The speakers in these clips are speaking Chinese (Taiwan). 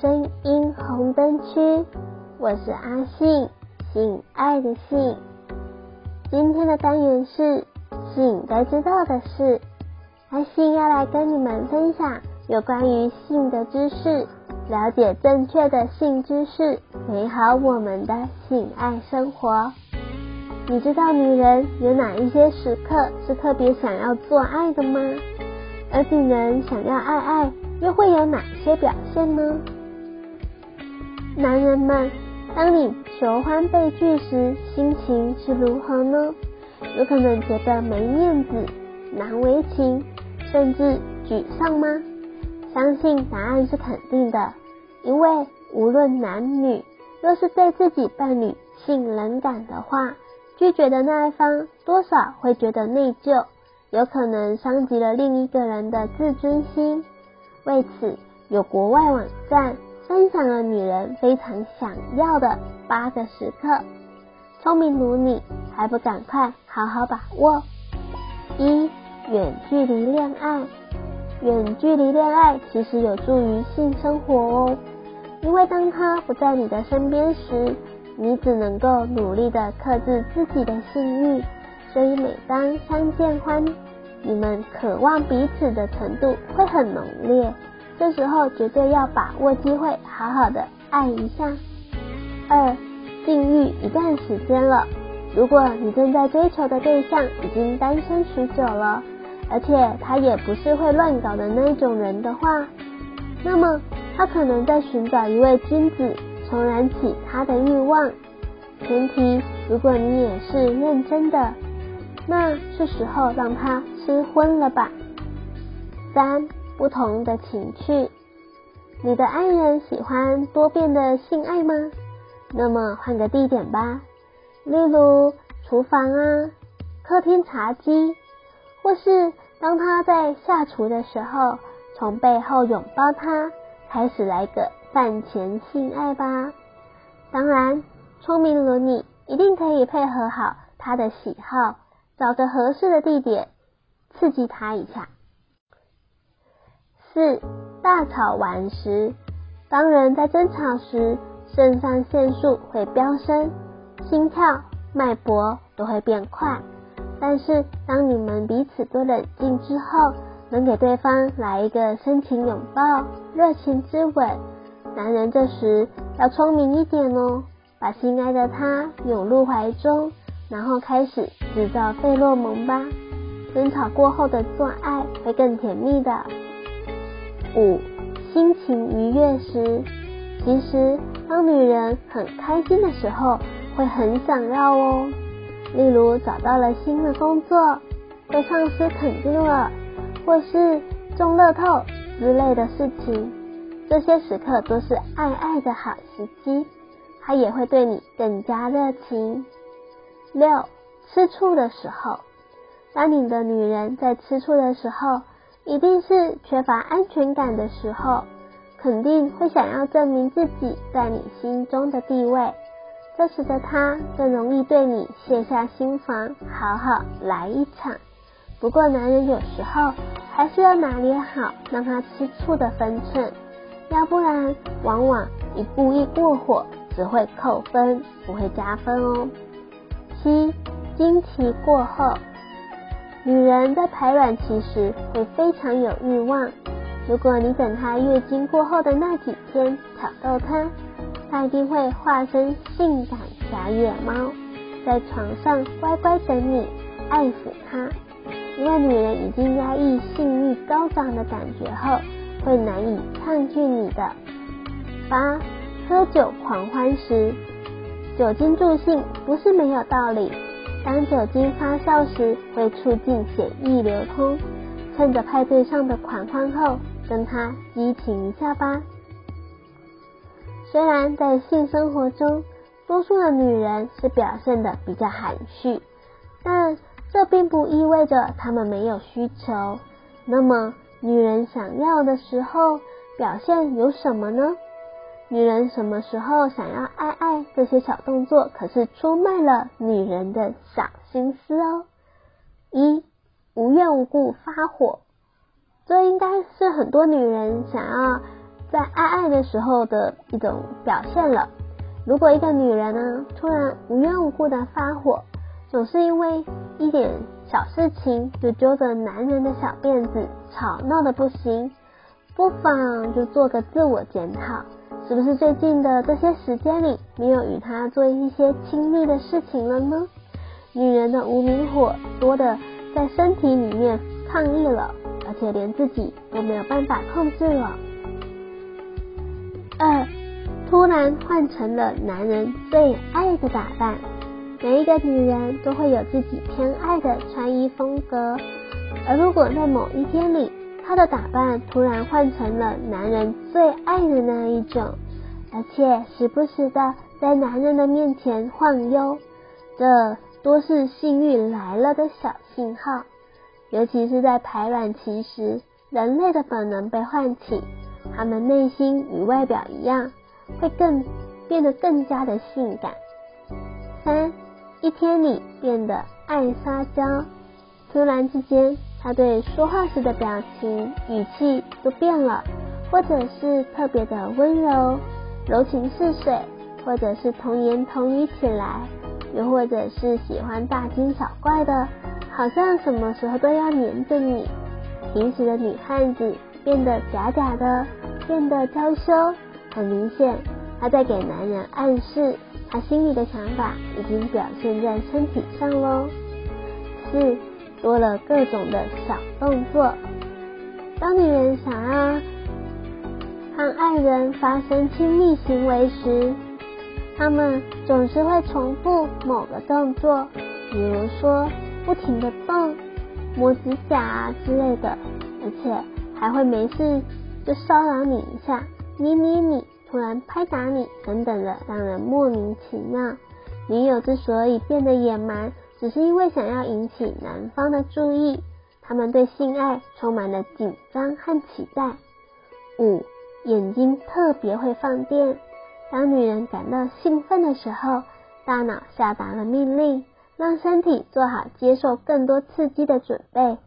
聲音紅燈區，我是阿性，性愛的性。今天的單元是性該知道的事，阿性要來跟你們分享有關於性的知識，了解正確的性知識，美好我們的性愛生活。你知道女人有哪一些時刻是特別想要做愛的嗎？而女人想要愛愛又會有哪些表現呢？男人們，當你求歡被拒時，心情是如何呢？有可能覺得沒面子、難為情，甚至沮喪嗎？相信答案是肯定的，因為無論男女，若是對自己伴侶性冷感的話，拒絕的那一方多少會覺得內疚，有可能傷及了另一個人的自尊心。為此，有國外網站。分享了女人非常想要的八個時刻，聰明如你，還不趕快好好把握！一、遠距離戀愛，遠距離戀愛其實有助於性生活哦，因為當他不在你的身邊時，你只能夠努力的克制自己的性慾，所以每當相見歡，你們渴望彼此的程度會很濃烈。這時候絕對要把握機會，好好的愛一下。二、禁欲一段時間了。如果你正在追求的對象已經單身許久了，而且他也不是會亂搞的那種人的話，那麼他可能在尋找一位君子，重燃起他的慾望。前提，如果你也是認真的，那是時候讓他吃葷了吧。三。不同的情趣，你的愛人喜歡多變的性愛嗎？那麼換個地點吧，例如廚房啊、客廳茶幾，或是當他在下廚的時候，從背後擁抱他，開始來個飯前性愛吧。當然，聰明如你，一定可以配合好他的喜好，找個合適的地點，刺激他一下。四，大吵完時，當人在爭吵時，腎上腺素會飆升，心跳、脈搏都會變快。但是當你們彼此都冷靜之後，能給對方來一個深情擁抱、熱情之吻。男人這時要聰明一點哦，把心愛的她擁入懷中，然後開始製造費洛蒙吧。爭吵過後的做愛會更甜蜜的。五，心情愉悅時，其實當女人很開心的時候，會很想要哦。例如找到了新的工作，被上司肯定了，或是中樂透之類的事情，這些時刻都是愛愛的好時機，她也會對你更加熱情。六，吃醋的時候，當你的女人在吃醋的時候。一定是缺乏安全感的時候，肯定會想要證明自己在你心中的地位，這時的他更容易對你卸下心防，好好來一場。不過，男人有時候還是要拿捏好讓他吃醋的分寸，要不然往往一步一過火，只會扣分，不會加分哦。七，經期過後。女人在排卵期時會非常有欲望，如果你等她月經過後的那幾天挑逗她，她一定會化身性感小野貓，在床上乖乖等你愛死她。因為女人已經壓抑性慾高漲的感覺後，會難以抗拒你的。八、喝酒狂歡時，酒精助興不是沒有道理。當酒精發酵時，會促進血液流通。趁着派對上的狂歡後，跟他激情一下吧。雖然在性生活中，多數的女人是表現的比較含蓄，但這並不意味着她們沒有需求。那麼，女人想要的時候，表現有什麼呢？女人什麼時候想要愛愛，這些小動作可是出賣了女人的小心思哦。一，無緣無故發火，這應該是很多女人想要在愛愛的時候的一種表現了。如果一個女人呢、啊，突然無緣無故的發火，總是因為一點小事情就揪着男人的小辮子，吵鬧得不行，不妨就做個自我檢討。是不是最近的這些時間裡，沒有與他做一些親密的事情了呢？女人的無名火多的在身體裡面抗議了，而且連自己都沒有辦法控制了。二，突然換成了男人最愛的打扮。每一個女人都會有自己偏愛的穿衣風格，而如果在某一天裡，她的打扮突然換成了男人最愛的那一種，而且時不時的在男人的面前晃悠，這多是性慾來了的小信號。尤其是在排卵期時，人類的本能被喚起，他們內心與外表一樣，會更變得更加的性感。三，一天裡變得愛撒嬌，突然之間。他對說話時的表情、語氣都變了，或者是特別的溫柔、柔情似水，或者是童言童語起來，又或者是喜歡大驚小怪的，好像什麼時候都要黏着你。平時的女漢子變得嗲嗲的，變得嬌羞，很明顯，她在給男人暗示，她心裡的想法已經表現在身體上嘍。四。多了各種的小動作。當女人想要和愛人發生親密行為時，他們總是會重複某個動作，比如說不停的動、摸指甲啊之類的，而且還會沒事就騷擾你一下、捏捏你、你、突然拍打你等等的，讓人莫名其妙。女友之所以變得野蠻。只是因為想要引起男方的注意，他們對性愛充滿了緊張和期待。五，眼睛特別會放電。當女人感到興奮的時候，大腦下達了命令，讓身體做好接受更多刺激的準備。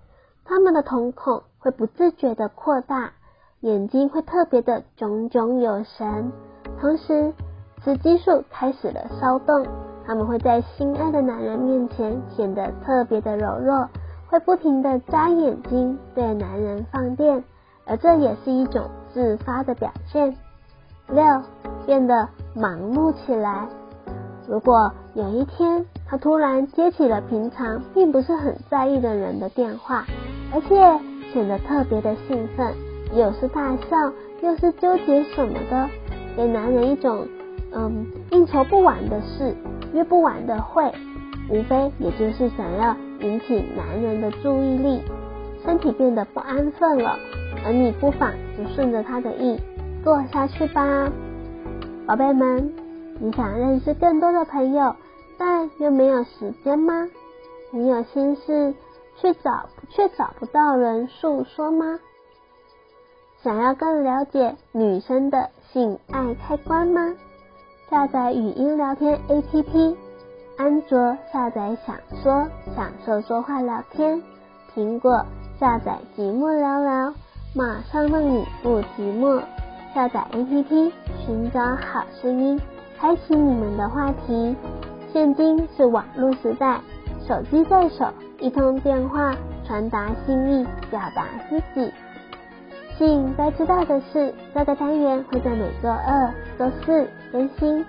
他們的瞳孔會不自覺地擴大，眼睛會特別的炯炯有神，同時，雌激素開始了騷動。他們會在心愛的男人面前顯得特別的柔弱，會不停的眨眼睛，對男人放電，而這也是一種自發的表現。六，變得忙碌起來。如果有一天，他突然接起了平常並不是很在意的人的電話，而且顯得特別的興奮，又是大笑，又是糾結什麼的，給男人一種嗯應酬不完的事，約不完的會，無非也就是想要引起男人的注意力，身體變得不安分了，而你不妨就順着他的意做下去吧。寶貝們，你想認識更多的朋友，但又沒有時間嗎？你有心事，卻找卻找不到人訴說嗎？想要更了解女生的性愛開關嗎？下載語音聊天 APP，安卓下載享說，享受說話聊天；蘋果下載寂寞聊聊，馬上讓你不寂寞。下載 APP，尋找好聲音，開啟你們的話題。現今是網絡時代，手機在手，一通電話，傳達心意，表達自己。性該知道的事，這、那個單元會在每週二、週四更新，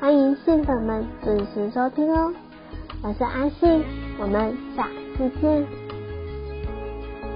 歡迎性粉們準時收聽哦。我是阿性，我們下次見。